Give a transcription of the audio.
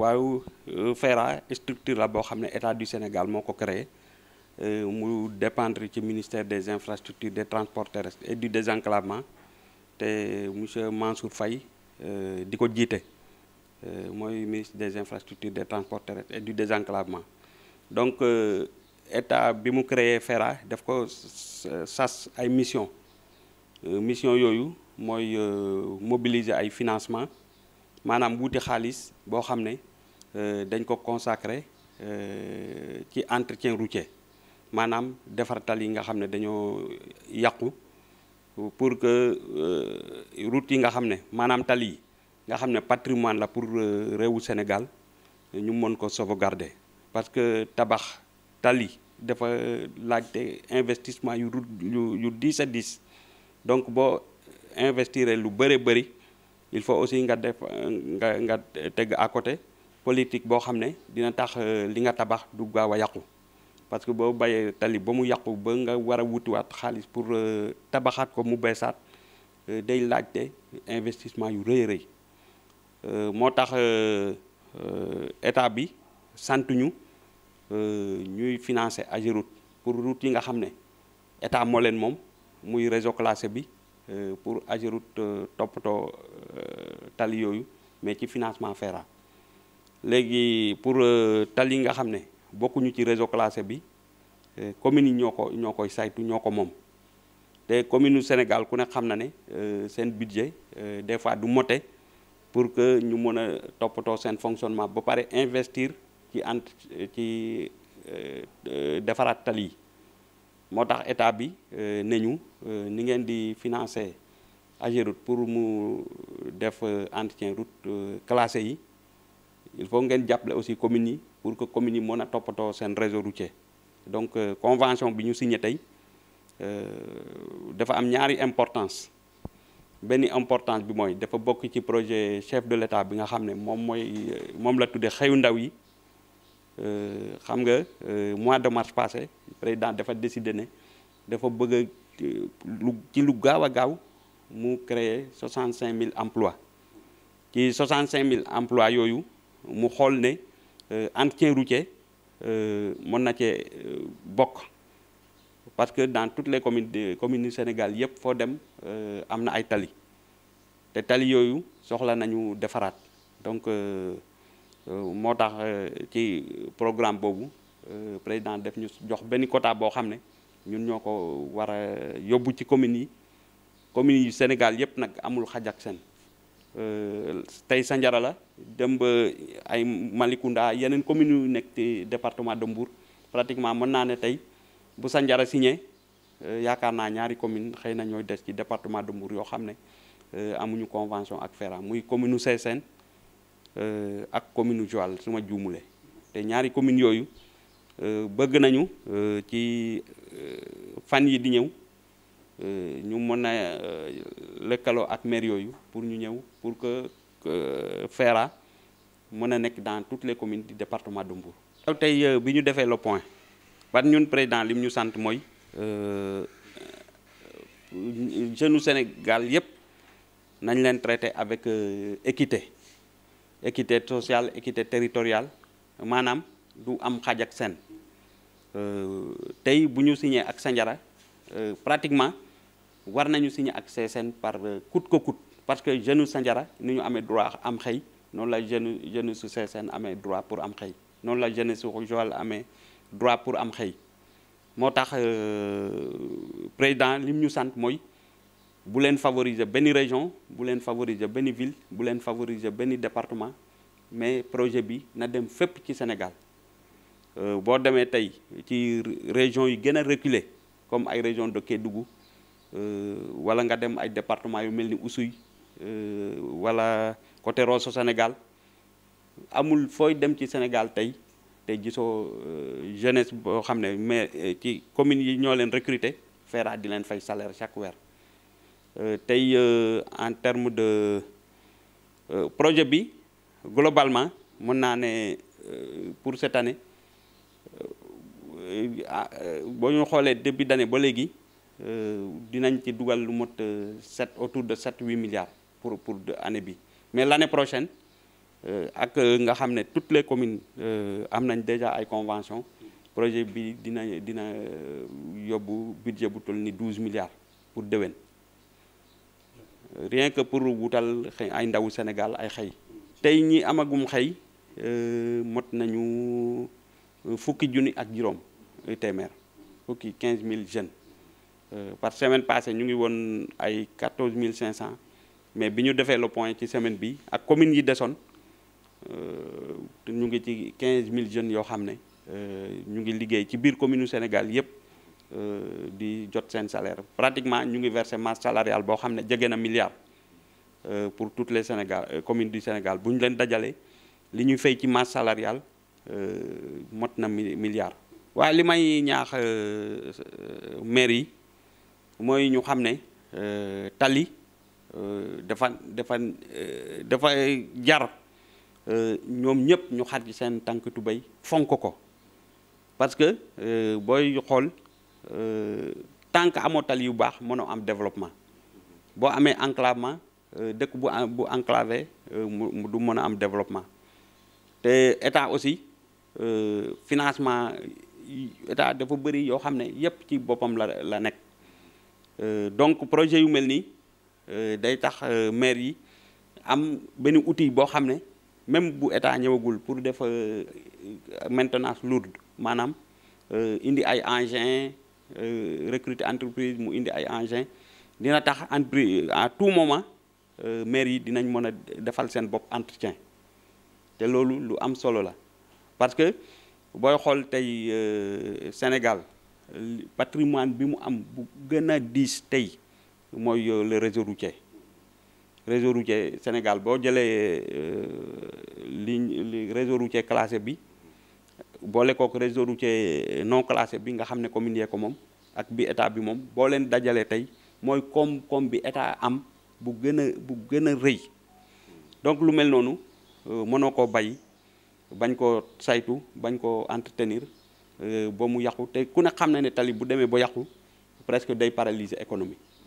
waaw euh, FERA structure la boo xam état du Sénégal moo ko créé euh, mu dépendre ci ministère des infrastructures des transports terrestres et du désenclavement te monsieur Mansour Faye euh, di ko jiite mooy ministre des infrastructures des transports terrestres et du désenclavement donc état bi mu créé FERA daf ko sas ay mission mission yooyu mooy mobiliser ay financement maanaam wuti xaalis boo xam ne euh, dañ ko consacré euh, ci entretien routier manam defar yi nga xamné dañoo pour que euh, route yi nga xamné manam tali nga xamné patrimoine la pour réewu Sénégal ñu mën ko sauvegarder parce que tabax tali dafa laajte investissement yu yu yu 10 à 10 donc bo investir lu bëri bëri il faut aussi nga def nga nga tégg à côté politique boo xam ne dina tax euh, li nga tabax du gaaw a yàqu parce que boo bayee tali ba mu yàqu ba nga war a wutiwaat xaalis pour euh, tabaxaat ko mu beesaat euh, day laajte investissement yu rëy rëy moo tax état bi sant ñu ñuy financer Ageroute pour route yi nga xam ne état moo leen moom muy réseau classé bi pour Ageroute toppatoo tali yooyu mais ci financement FERA léegi pour euh, tali nga xamné bokku ñu ci réseau classé bi euh, communes ñoko ñokoy saytu ñoko mom té te commune Sénégal ku ne xam na ne euh, seen budget des fois du moté pour que ñu mëna topoto toppatoo fonctionnement ba paré investir ci ent ci défarat tali motax état bi ne ñu ni ngeen di financer Ageroute pour mu def entretien route classé yi il faut que jàppale aussi communes pour que communes mona topato réseau routier donc euh, convention que nous signé euh, importance importance bi projet chef de l'État bi mois de mars passé président dafa décidé ne dafa bëgg a euh, ci qui emplois ci emplois mu xool ne entretien routier mon na ci euh, bokk parce que dans toutes les communes de communes du Sénégal yépp fo dem euh, amna ay tali té tali yoyu soxla nañu défarat donc euh, euh motax euh, ci programme euh, président def ñu jox benn quota bo xamné ñun ñoko ko war ci commune yi commune du Sénégal yépp nag amul xajak sen Tay Sandiara la dem ba ay malikunda yeneen commune yu nekk ci département de Mbour pratiquement mën naa ne tey bu Sandiara signé euh, yaakaar naa ñaari commune xëy na ñooy des ci département de Mbour yoo xam ne euh, amuñu convention ak FERA muy commune u Sessène euh, ak commune u Joal su ma juumulee ñaari commune yooyu bëgg nañu ci fan yi di ñëw nous euh, mën euh, le calo ak maire yooyu pour ñu ñëw pour que FERA mën a dans toutes les communes du département de Mbour. waaw tey euh, bi ñu le point parce ñun président lim ñu sant mooy jeune Sénégal yëpp nañ leen traité avec équité équité sociale équité territoriale manam du am xaaj sen euh tay buñu signé ak pratiquement war nañu signer ak CSN par euh, coûte que coûte parce que jeune Sandiara ni ñu amee droit am xey non la jeune jeune su CSN amé droit pour am xey non la jeune su Joal amé droit pour am xey motax euh président lim ñu sante moy bu len favoriser benn région bu len favoriser benn ville bu len favoriser benn département mais projet bi na dem fep ci Sénégal euh bo démé tay ci région yi gëna a reculé comme ay région de Kédougou euh, wala nga dem ay département yu melni ni Oussouye euh, wala côté Rosso Sénégal amul foy dem ci Sénégal tay tay gisoo euh, jeunesse bo xam mais ci commune yi ñoo leen recruter FERA di leen fay salaire chaque weer tay en terme de projet bi globalement mën naa pour cette année ah, boo ñu xoolee début d'année ba légui Euh, dinañ ci dugal lu mot euh, sept autour de sept huit milliards pour pour année bi mais l' année prochaine euh, ak nga xam ne toutes les communes am nañ déjà ay convention projet bi dina dina yóbbu budget bu toll ni douze milliards pour déwén rien que pour wutal xëy ay ndawu Sénégal ay xëy tey ñi amagum xëy mot nañu fukki junni ak juróom téeméer fukki quinze mille jeunes Euh, par semaine passée, nous avons 14 500. Mais si nous avons le point cette semaine, dans la commune de Desson, nous avons 15 000 jeunes qui ont Nous avons ligué dans la commune du Sénégal, ils ont de salaires. salaire. Pratiquement, nous avons versé masse salariale, de 1 milliard euh, pour toutes les Sénégal, euh, communes du Sénégal. Si nous avons fait ce nous avons fait masse salariale, euh, nous milliard. Ce que fait mairie, mooy ñu xam ne euh, tali euh, dafa dafa euh, dafa jar ñoom ñëpp ñu xar seen tànk tubéy fonk ko parce que booy xool tant que amoo tali yu baax mënoo am développement boo amee enclavement dëkk bu bu enclavé mu du mën a am développement te état aussi financement état dafa bëri yoo xam ne yëpp ci boppam la la nekk Euh, donc projet yu mel euh, day tax euh, maire yi am ben outil bo xam même bu état ñewagul pour def euh, maintenance lourde euh, indi ay engins recruter entreprise mu indi ay engins dina tax entreprise à tout moment maire yi dinañ mëna defal sen bop entretien té lolu lu am solo la parce que booy xool tey Sénégal patrimoine bi mu am bu gëna a tay moy euh, le réseau routier réseau routier Sénégal boo jëlee euh, ligne réseau routier classé bi boole kook réseau routier euh, non classé bi nga xamné ne commune yee ko mom ak bi état bi mom bo len dajalé tay moy comme comme bi état am bu gëna bu gëna reuy donc lu mel noonu mëno ko bay bañ ko saytu bañ ko entretenir ba mu yàqu te ku ne xam na ne tali bu demee ba yàqu presque day paralyser économie